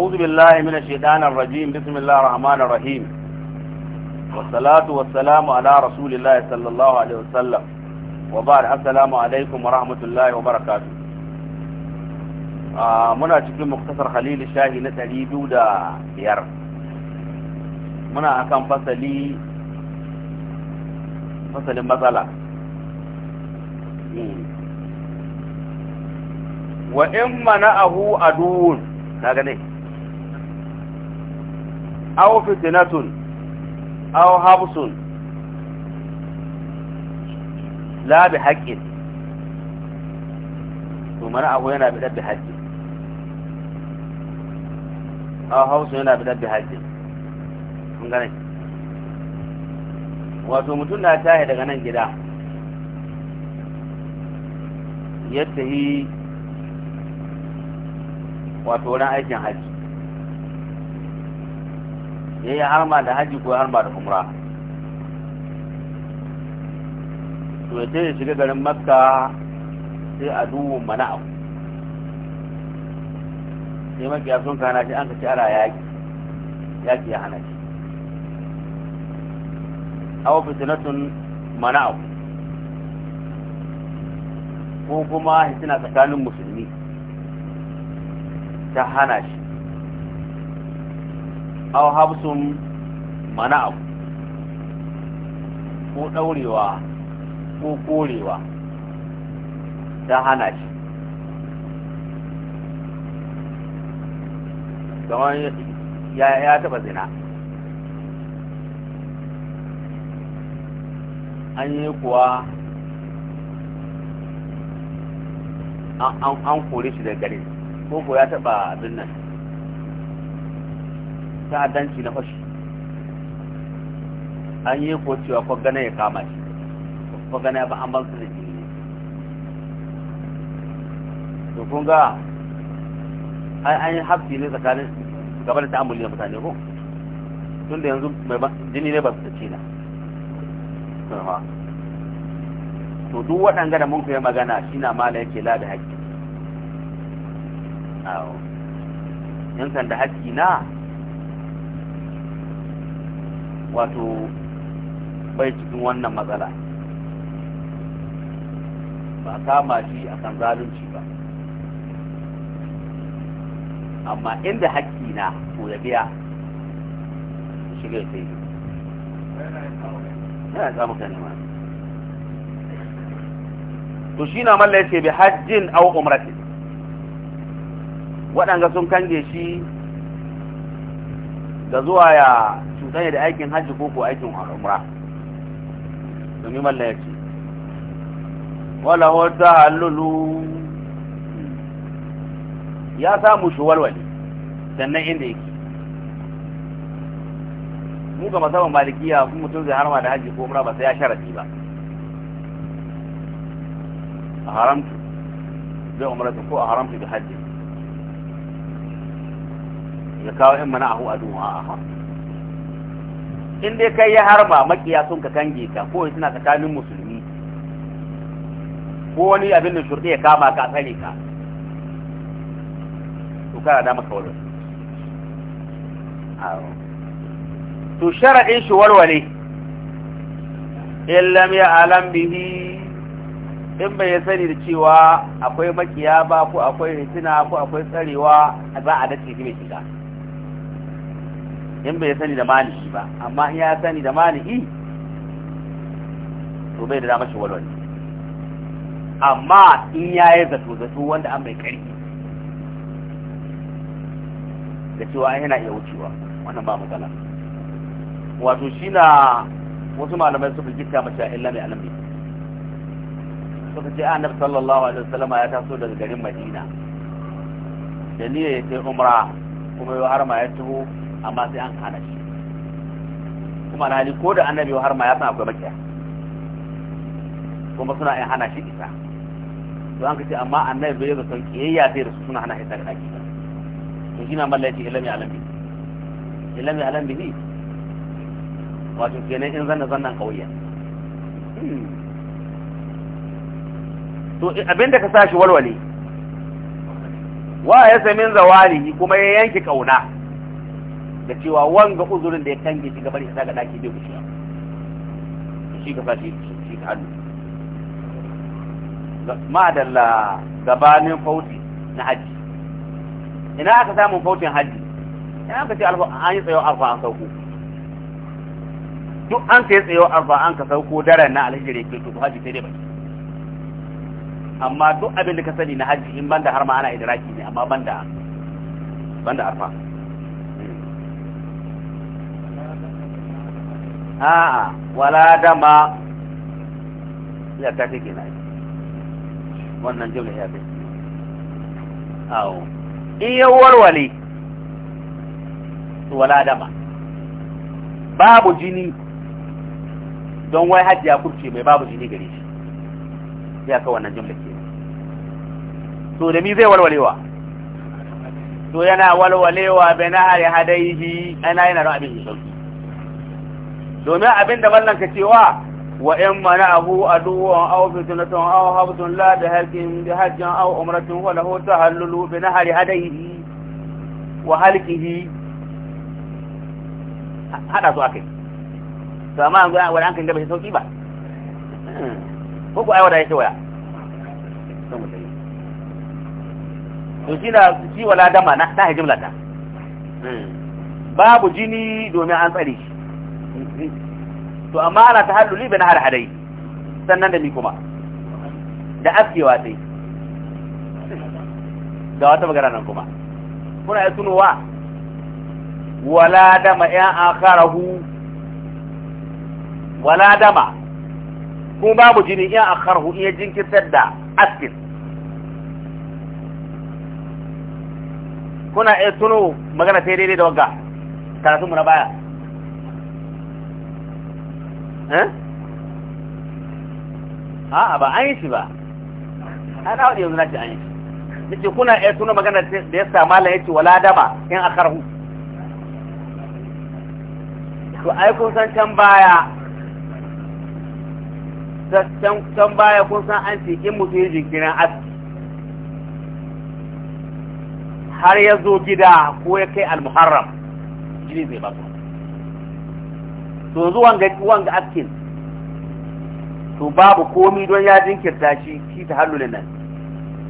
أعوذ بالله من الشيطان الرجيم بسم الله الرحمن الرحيم والصلاة والسلام على رسول الله صلى الله عليه وسلم وبعد السلام عليكم ورحمة الله وبركاته muna cikin muktasar khalil shahi na ɗari biyu da biyar muna akan fasali fasalin matsala wa in mana'ahu aduwun na gane aw fitnatun aw habsun la bi haƙƙin domin mana abu yana bi dabbi haqqin aw habsun yana bi dabbi haqqin kun gane wato mutum na tahe daga nan gida yadda yi wato ran aikin hajji ya yi harma da haji ko harma da umra to sai ya shiga garin makka sai a mana abu sai makiya sun kana shi an ka ci ara yaki yaki ya hana shi awa fitinatun abu ko kuma hitina tsakanin musulmi ta hana shi aw habsun abu ko daurewa ko korewa ta hana shi kamar ya taba zina an yi kuwa an kore shi da garin ko ko ya taba abin nan ta'addanci na fashi an yi ko cewa ko gane ya kama shi ko gane ba an bansu da jini ne to kun ga ai an yi hafi ne tsakanin gaba da ta'amuli na mutane ko tun da yanzu mai jini ne ba su tace na to duk waɗanga da mun kai magana shi na da yake lada da haƙƙi yankan da haƙƙi na wato bai cikin wannan matsala ba kama shi a kan zalunci ba amma inda haƙƙi na to ya biya shiga sai yana samu kan nema to shi na malla ce bi hajjin au umratin waɗanga sun kange shi da zuwa ya cuɗanya da aikin hajji ko ko aikin umra domin malla ya ce wala hota hallulu ya samu shi walwale sannan inda yake mu ga masaban malikiya kuma mutum zai harma da hajji ko umra ba sai ya sharafi ba a haramtu zai umrata ko a haramtu da hajji ya kawo in mana ahu duwa a ha in dai kai ya harba makiya sun ka kange ka ko suna tsakanin musulmi ko wani abin da shurɗe ya kama ka tsare ka to kana da maka walwale to shara'in shi walwale in lam ya alam bihi in bai sani da cewa akwai makiya ba ko akwai hitina ko akwai tsarewa za a dace shi mai shiga in bai sani da maliki ba amma in ya sani da maliki to bai da dama shi walwali amma in ya yi zato zato wanda an bai karfi da cewa yana iya wucewa wannan ba matsala wato shi na wasu malamai suka gita mace illa mai alamai suka ce annabi sallallahu alaihi wasallama ya taso daga garin madina da niyya ya sai umra kuma ya harma ya taho amma sai an hana shi kuma alhali ko da annabi har ma ya san akwai makiya kuma suna yin hana shi isa to an kace amma annabi bai ga son kiyayya sai da su suna hana isa daga daki to shi na mallaki ilmi alami ilmi alami ne wato kenan in zanna zannan kauya hmm. to abinda ka sashi walwale wa ya samin zawali kuma ya yanke kauna da cewa wanga uzurin da ya tange shi gabar isa ga daki bai ba shi gaba shi shi ka hannu madalla gabanin fauti na haji ina aka samu fautin haji ina aka ce an yi tsayo arfa an sauko duk an sai tsayo arfa an ka sauko daren na alhijiri ke to haji sai dai bai amma duk abin da ka sani na haji in banda har ma ana idraki ne amma banda banda arfa a'a wala dama ya ta take na wannan jumla ya fi awo in ya warware wala dama babu jini don wai hajji ya kurce mai babu jini gare shi ya ka wannan jumla ke to da mi zai walwalewa to yana walwalewa bai na hari hadaihi ana yana da abin sauki domin abin da mallanka cewa wa in mana abu mana'ahu aduwan aw fitnatun aw habtun la da halkin da hajjan aw umratun wa lahu tahallulu bi nahari hadayhi wa halqihi hada su akai to amma an ga wani an kan da bai sauki ba ko ku aiwada yake waya to shi na shi wala dama na ta hajjimlata babu jini domin an tsare shi to amma ana tahalluli bin har hadai sannan da ni kuma da afkewa sai Da wata magana nan kuma kuna ya tunowa wala dama ya akharahu wala dama kuma babu jini ya akharahu iya jinkirtar da askin kuna ya tuno magana sai daidai da wagga mu na baya Eh? a'a ba an yi shi ba an haɗe yanzu na ce an yi shi da ke kuna ya tuna magana da ya sa mala ya ce wala dama in a karhu to ai kun san can baya can baya kun san an ce in mutum yi jinkirin aski har ya zo gida ko ya kai al-muharram jini zai ba to yanzu wanga wanga askin to babu komi don ya jinkirta shi shi ta hallulin nan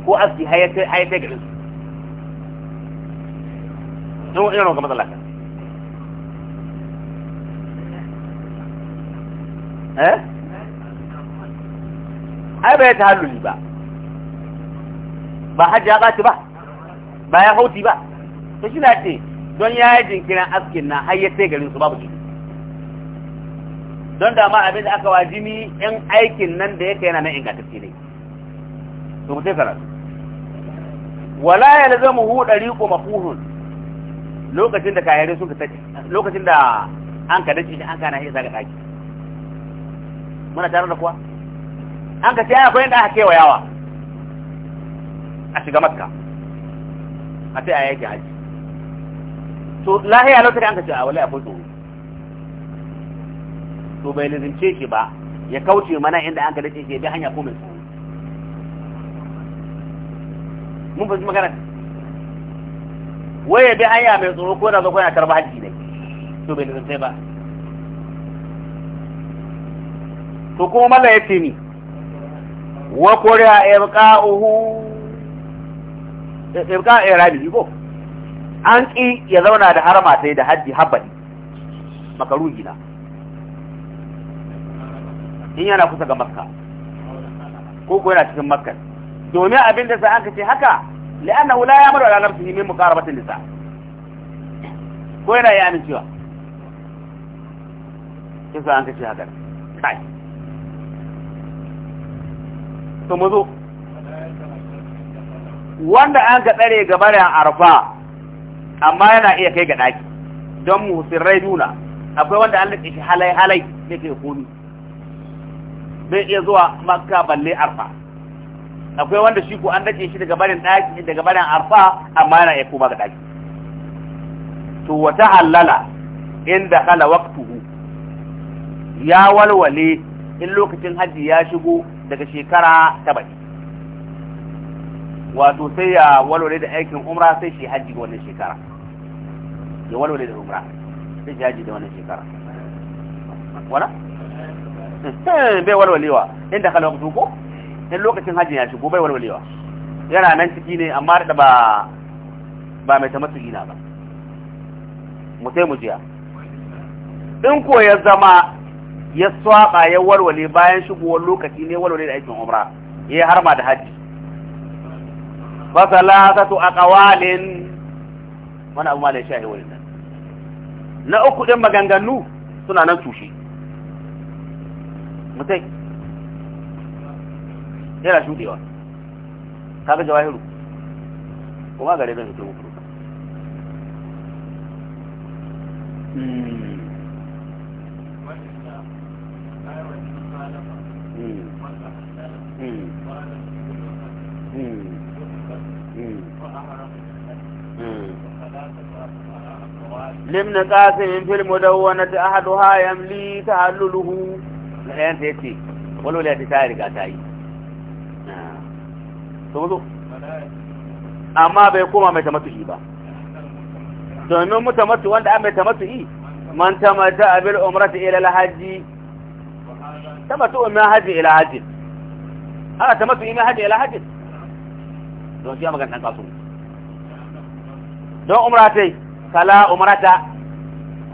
ko aski hayatai hayatai garin su don irin ga matsala ka eh ai bai ta halluli ba ba hajja ya ɓaci ba ba ya hauti ba to shi na ce don ya yi jinkirin askin na hayyace garin su babu jiki don da ma abin da aka wajimi in aikin nan da yake yana na ingantacce ne to mu sai karatu wala yalzamuhu dariqu mafuhun lokacin da kayare suka ta lokacin da an ka dace shi an kana hisa ga daki muna tare da kuwa an ka sai akwai inda aka kewa yawa a shiga makka a sai a yake haji to lahiya lokacin an ka ce a wallahi akwai tsoro to bai lizince shi ba ya kauce mana inda an gada dace bi hanya komai mun fahimci magana waye bi hanya mai tsoro ko da zakon ya karba haji ne to bai lizince ba to kuma mala ya ce ni wa kuriya ibqa'uhu ibqa irabi ko an ki ya zauna da harama sai da haji habbali makaruhi na in yana kusa ga makka ko ko yana cikin makka domin abin da sai aka ce haka wala ya ya'muru ala nafsihi min muqarabatin nisa ko yana yi amincewa sai an ce haka kai to mu zo wanda an ga tsare ga barin arfa amma yana iya kai ga daki don mu sirrai duna akwai wanda an da shi halai halai ne ke komi bai iya zuwa makka balle arfa akwai wanda shi ko an dake shi daga barin daki daga barin arfa amma yana ya koma ga daki to wata halala inda kala waqtuhu ya walwale in lokacin haji ya shigo daga shekara ta baki wato sai ya walwale da aikin umra sai shi haji ga wannan shekara ya walwale da umra sai shi haji da wannan shekara wala Hmm, bai walwalewa inda kala ku ko in lokacin hajji ya shigo bai walwalewa yana nan ciki ne amma da ba ba mai tamattu ina ba mu sai mu jiya in ko ya zama ya swaba ya walwale bayan shigowar lokaci ne walwale da aikin umra ya harma da hajji fa salatu aqwalin wani abu ma da shahi wannan na uku din maganganu suna nan tushe متي يلا شو دي وان تابع وما قال يبين كل مفروض لم نقاسم في المدونة أحدها يملي تعلله sayan ta yace wani wani ta riga ta yi su zo amma bai koma mai tamatu'i ba domin mutamatu wanda an mai yi man tamata abil umrati ila alhaji tamatu min hajji ila hajji ana tamatu'i min hajji ila hajji don shi magan dan kasu don umratai kala umrata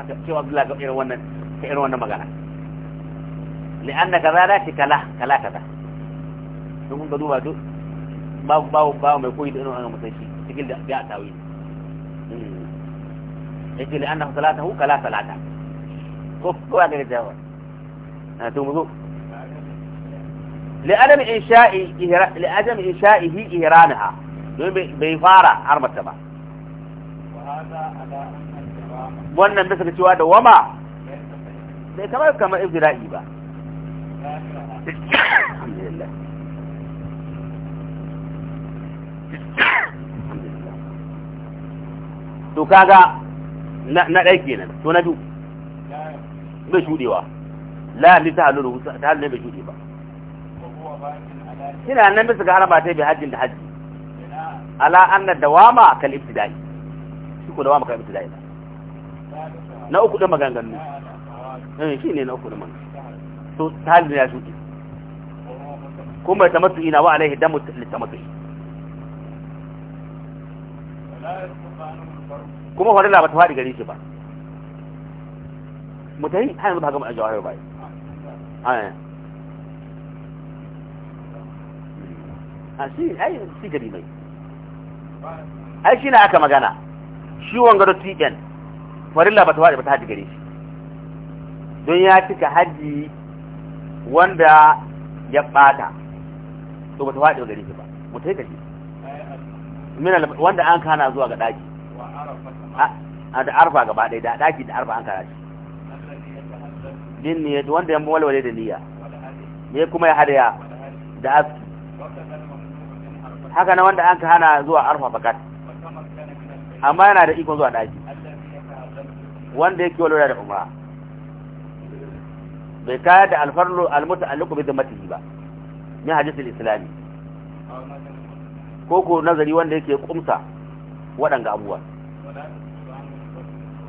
a cewa Abdullahi ga irin wannan irin wannan magana li'anna kaza da shi kala kala kaza don kun ga duba duk babu babu mai koyi da irin wannan musashi cikin da ya tawi yake li'anna salatahu kala salata ko ko ga ga jawa na to muzo لعدم إنشاء لعدم إنشائه إهرانها bai fara armata ba wannan da suka cewa da wama bai kamar kamar ba to kaga na ɗai kenan to na biyu bai shuɗewa la ni ta halulu ta halulu bai shuɗe ba kina nan bisa ga haraba ta bi hajjin da hajji ala anna dawama kal ibtidai shi ko dawama kal ibtidai na uku da maganganu eh shine na uku da maganganu to halin ya shuɗe kuma ta masu ina wa alaihi damu ta masu kuma farilla ba ta faɗi gari shi ba mutane hanyar ba gama a jawahar bai a shi ai shi gari mai ai shi na aka magana shi wanga da tiken farilla ba ta faɗi ba ta haɗi gare shi don ya cika haji wanda ya bata to bata faɗi gare shi ba mu tai kashi min wanda an kana zuwa ga daki a da arfa gaba ɗaya da daki da arfa an kana shi din ne wanda ya wale da niyya me kuma ya hadaya da aski haka na wanda an ka zuwa arfa bakat amma yana da ikon zuwa daki wanda yake walwala da umra bai ka da alfarlo almuta alluku bi dhammatihi ba ni hadisi al-islami ko ko nazari wanda yake kumsa wadanga abubuwa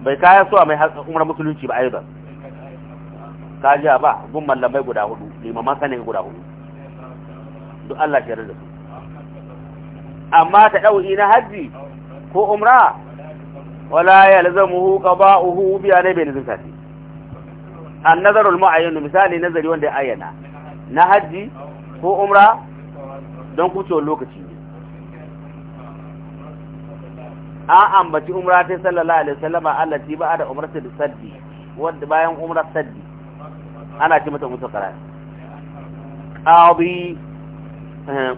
bai kaya suwa mai umar musulunci ba ka kajiya ba gun mallamai guda hudu limaman sanin guda hudu duk Allah ke da su amma ta dauki na haji ko umra wala ya lazamuhu qada'uhu bi alayhi bin zakati an nazarul mu'ayyanu misali nazari wanda ya ayyana na hajji ko umra don kucewar lokaci ne an ambaci umra ta sallallahu alaihi wasallama allati ba da umrata da saddi wanda bayan umra saddi ana ce mata musu karar qadi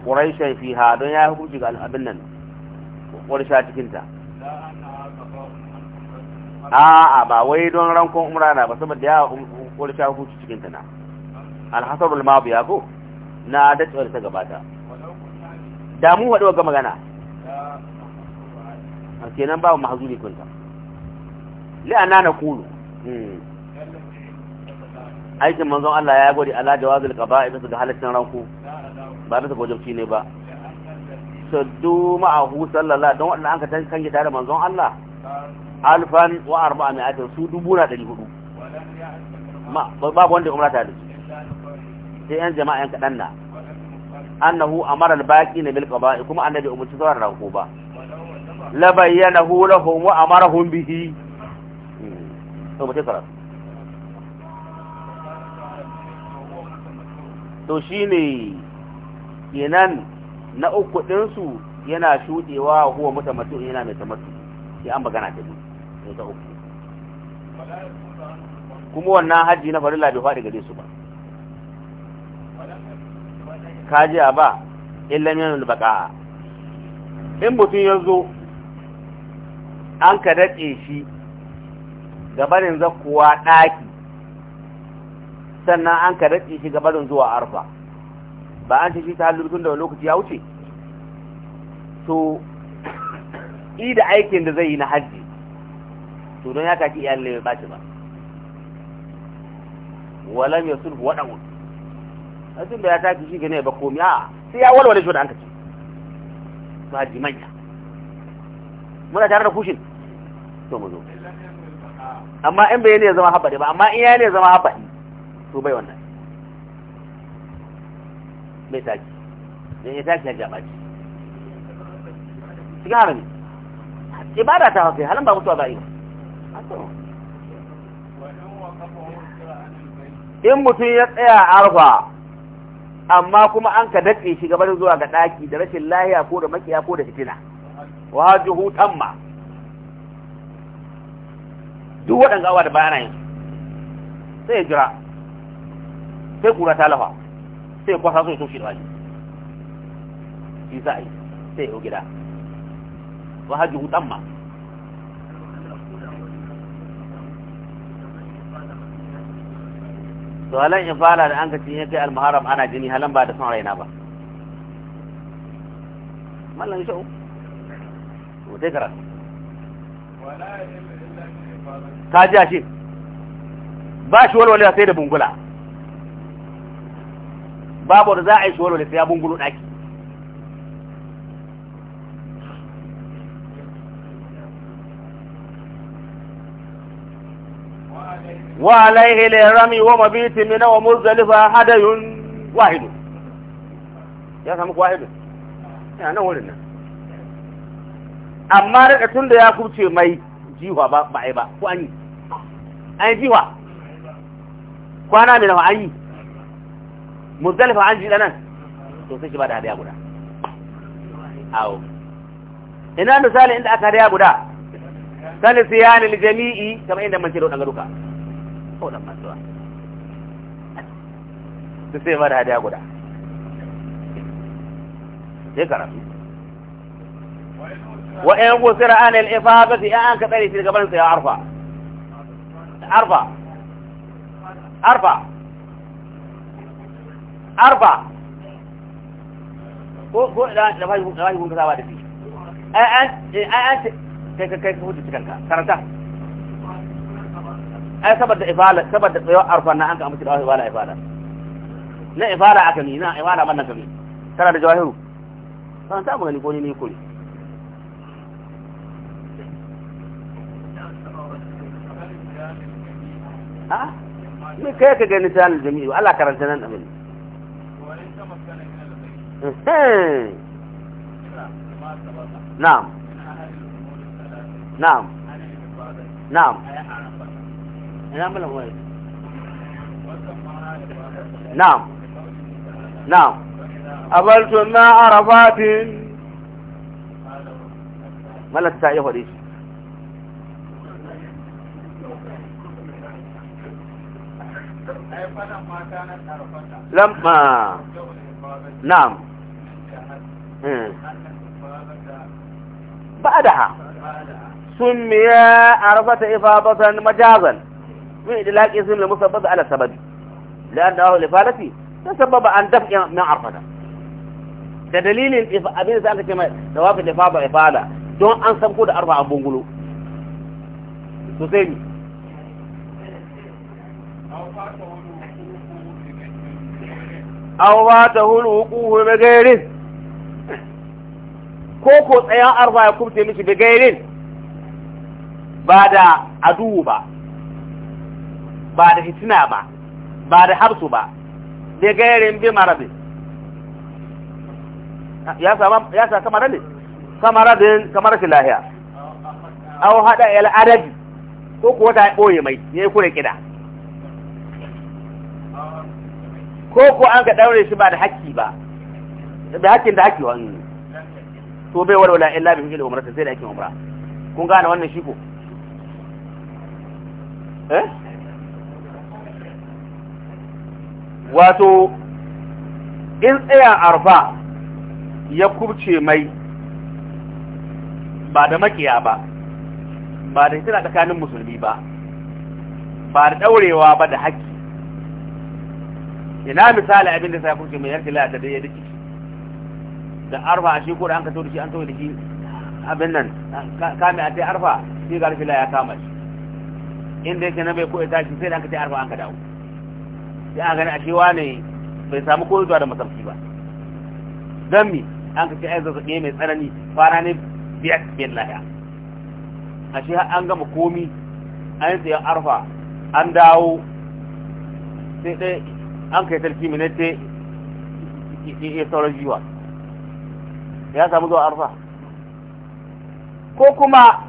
quraishan fiha don ya hukunci ga abin nan quraisha cikin ta a'a ba wai don rankon umra na ba saboda ya ko da ta hukunci cikin ta na alhasar ulmabu ya ko na wani ta gabata da mu haɗu ga magana a kenan ba mahazuri kunta li'ana na kulu hmm. aikin manzon Allah ya gode ala jawazil qaba'i bisa ga halaccin ranku ba bisa ga ne ba saddu ma'ahu sallallahu don wannan an ka tankan da manzon Allah alfan wa arba'ami'atin su dubu na ɗari hudu babu wanda umra ta da su sai yan jama'a yan kaɗan na annahu amara al-baqi na bil qada'i kuma annabi umurci zuwa ranko ba la bayyanahu lahum wa amarahum bihi to hmm. mutai karatu to shine kenan na uku din su yana shudewa huwa mutamatu yana mai tamattu sai an magana ta biyu ta uku kuma wannan hajji na farilla bai faɗi gare su ba kaji a ba illam yanul baka in mutum ya zo an ka daɗe shi gabarin zakkuwa ɗaki sannan an ka daɗe shi gabarin zuwa arfa ba an ce shi ta halittun da lokaci ya wuce to i aikin da zai yi na hajji to don ya kaki iyalai ya ba ba walam yasul wadau azin da ya tafi shi gane ba komai a sai ya walwale shi da hankali. ba ji manya muna tare da kushin to mu zo amma in bai ne zama haɓaɗe ba amma in ya ne zama haba. to bai wannan bai taki da ya taki ya jaɓa ci cikin harami ibada ta hafi halin ba mutuwa ba yi ba in mutum ya tsaya arfa amma kuma an ka daɗe shi gabar zuwa ga ɗaki da rashin lahiya ko da makiya ko da fitina wa hajjuhu tamma duk waɗanda awa da bayanai sai ya jira sai kura ta lafa sai ya kwasa sun shi da waje shi sa sai yau gida wa hajjuhu tamma to halan ifala da an ka cinye kai almuharram ana jini halan ba da son raina ba mallan shau to dai kara ta ji shi ba shi walwale sai da bungula babu da za a yi shi walwale sai ya bungulo daki Wa وعليه الإرام ومبيت من ومزدلفة هدي واحد يا سامك واحد يا wurin na amma rika tun da ya kuce mai jiwa ba ba ai ba ko an yi an yi jiwa kwana ne nawa an yi muzdalifa an ji da nan to sai shi ba da hadiya guda awo ina misali inda aka hadiya guda sani siyanin jami'i kamar inda mace da wadanda duka kaulan masuwa su sai mara hadiya guda sai karatu wa in gusira an ba ifadati in an ka tsari shi gaban ya arfa arfa arfa arfa ko ko da da kun kasa ba da shi ai an ai kai kai kai hudu cikin ka karanta ai saboda ifala saboda na an ka amince da ifala ifala na ifala aka ni na ifala man da jawahiru san ta magani ko ni ne kuri a me kai ka gani Allah karanta nan amin na'am na'am na'am نعم نعم أبلت ما عرفات ملت هو ليش لما نعم إيه. بعدها سمي عرفة إفاضة مجازا من إدلاك اسم المسبب على السبب لأنه لفالتي تسبب عن دفع من عرفنا دليل أبين سألت كما توافي لفابة إفالة دون أن سبقوا أربعة بنقلو تسيني أو فاته الوقوف بغيره كوكو سيان أربعة كبتة مش بغيره بعد عدو بقى ba da fitina ba ba da habsu ba da gairin bi marabin ya sa kamar ne kamar din kamar shi lahiya aw hada al adadi ko kuwa ta boye mai ne kure kida ko ko an ka daure shi ba da hakki ba da hakkin da hakki wani to bai walwala illa bi hijil umrata sai da hakkin umra kun gane wannan shi ko eh wato in tsaya arfa ya kubce mai ba da makiya ba ba da hitina tsakanin musulmi ba ba da daurewa ba da haƙƙi ina misali abin da sai kubce mai yanki lada da ya da da arfa shi ko da an ka da shi an to da shi abin nan kame a tai arfa shi ga rufi ya kama shi inda yake na bai ko ita shi sai da an ka tai arfa an ka dawo sai an gani cewa ne bai samu ko zuwa da masamci ba don mi an ka ce ai zazzaɓi mai tsanani fara ne biyar biyar a ashe an gama komi an yi tsayen arfa an dawo sai ɗaya an kai sarki minete ya sauran jiwa ya samu zuwa arfa ko kuma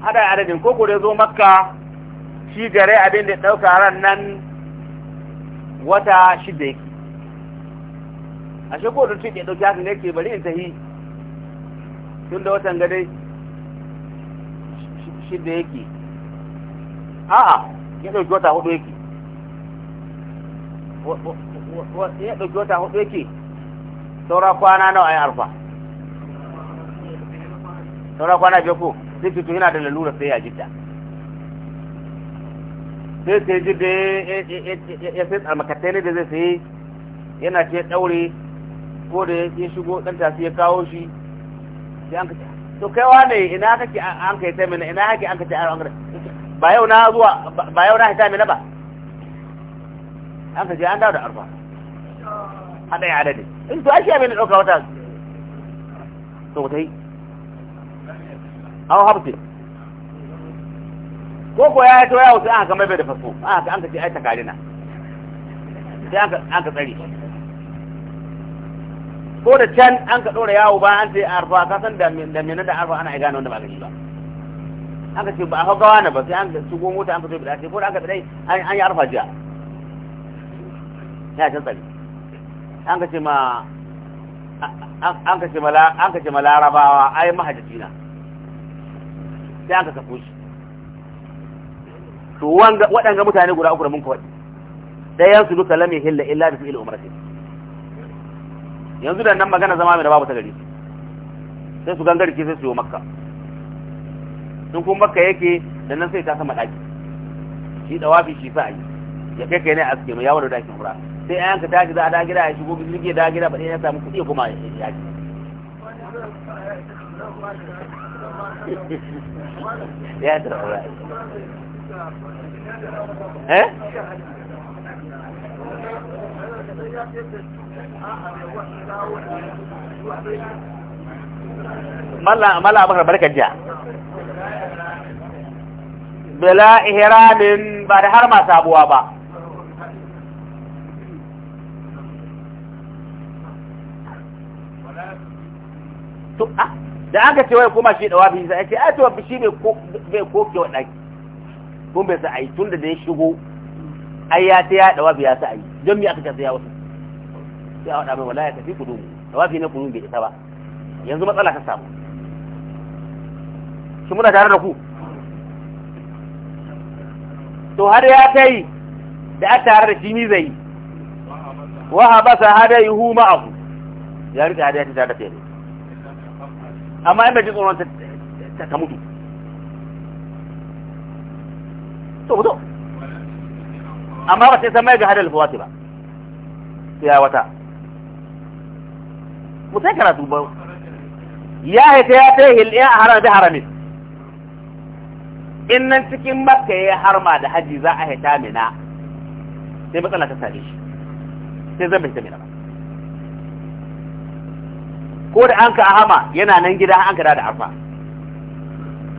hada adadin ko ko da zo makka shi gare abin da ɗauka ran nan wata shida yake a shi kodin tuɗe ɗauki hakan yake bari in ta yi tun da watan gade shida yake a'a ya ɗauki wata hudu yake ya ɗauki wata hudu yake saura kwana nawa ya arfa saura kwana biyu ko sai tutu yana da lalura sai ya jidda sai sai ji da ya sai almakatai ne da zai sai yana ce daure ko da ya shigo dan tafi ya kawo shi sai an kace to kai wane ina kake an kai sai mina ina kake an kace an gare ba yau na zuwa ba yau na hita mina ba an kace an dawo da arfa hada ya adadi in to ashe mina dauka wata to tai an habtin ko ko ya to ya wuce an ka bai da fasko an ka an ka ce ai takarina sai an ka an ka tsare ko da can an ka dora yawo ba an ce arfa ka san da da mena da arfa ana gane wanda ba gani ba an ka ce ba a gawa na ba sai an ka shigo mota an ka zo bida sai ko da an ka tsare an an yi arfa jiya ya ta tsare an ka ce ma an ka ce ma an ka ce ma larabawa ai mahajjina sai an ka sako to waɗanga mutane guda uku da mun kawai ɗayan su duka lamin hilla illa da fi'il umratin yanzu da nan magana zama mai da babu ta gari sai su gangarki sai su yi makka in kun makka yake da nan sai ta sama ɗaki shi ɗawafi shi sa yi ya kai kai ne a suke mai yawon da ɗakin hura sai an ka tashi za a dagira ya shigo jirgi da dagira ba ɗaya ya samu kuɗi kuma ya yaki ya tarura eh malla malla da barkar jiya bela ihramin ba da har ma sabuwa ba ah, da aka ce wai kuma shi wafi sai ce, ai to shi bai koke wa daki kun bai sa a yi tun da ya shigo ai ya ta ya wafi ya sa a yi don me aka kasa ya wasu sai a waɗa mai wala ya tafi kudu wafi na kunu bai isa ba yanzu matsala ta samu shi muna tare da ku to har ya ta yi da a tare da shi ni zai yi wa sa hada yi hu ma'ahu ya rika hada ya ta tare da fiye amma in bai ji tsoron ta mutu to to amma ba sai san mai ga hadal fawati ba ya wata mu sai karatu ba ya haita ya ta hil ya haram da haramin in nan cikin makka ya harma da haji za a haita mina sai matsala ta sare shi sai zan bai ta mina ba ko da an ka ahama yana nan gida an ka da arfa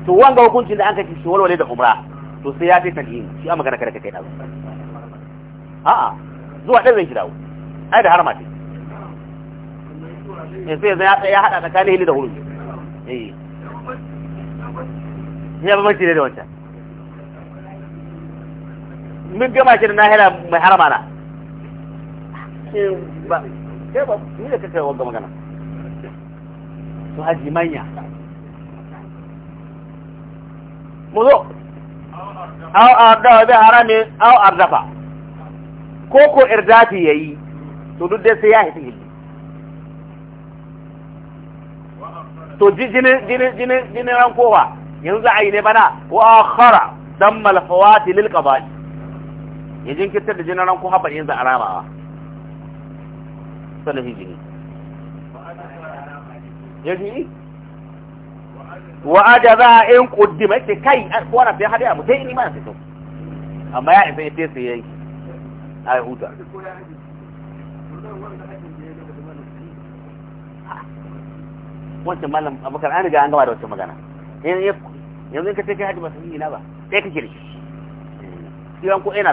to wanga hukuncin da an ka ci shi walwale da umra to sai ya fi tanhini shi a magana kada ka kai dazu a'a zuwa ɗan zai shi dawo ai da harma ce eh sai ya haɗa tsakanin hili da hurun eh ya bambanci ne da wancan mun gama shi da hira mai harama na ba kai ba ni da kake wanga magana to haji manya mu zo aw arda bi haramin aw ardafa ko ko irdafi yayi to duk dai sai ya hiti hilli to jinin jinin yanzu a ne bana wa akhara dan malfawati lil qada'i ya da jinin kowa haɓar yanzu a ramawa jini wa ajaza in quddima yace kai ko na fiye hada mu sai ni ma sai to amma ya isa yace sai yayi ai huta wancan malam abakar an ga an gama da wancan magana yanzu in ka ce kai haji ba sun yi na ba sai ka da shi siyan ko ina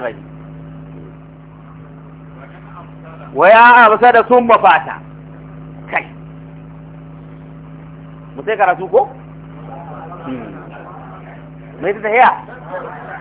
wa ya amsa da sun mafata kai mu sai karatu ko Hmm. mai ta tafiya